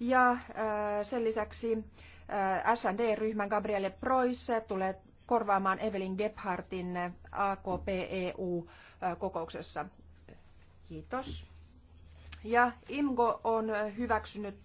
Ja äh, sen lisäksi äh, S&D-ryhmän Gabrielle Preuss tulee korvaamaan Evelyn Gebhardtin AKP-EU-kokouksessa. Äh, Kiitos. Ja IMGO on hyväksynyt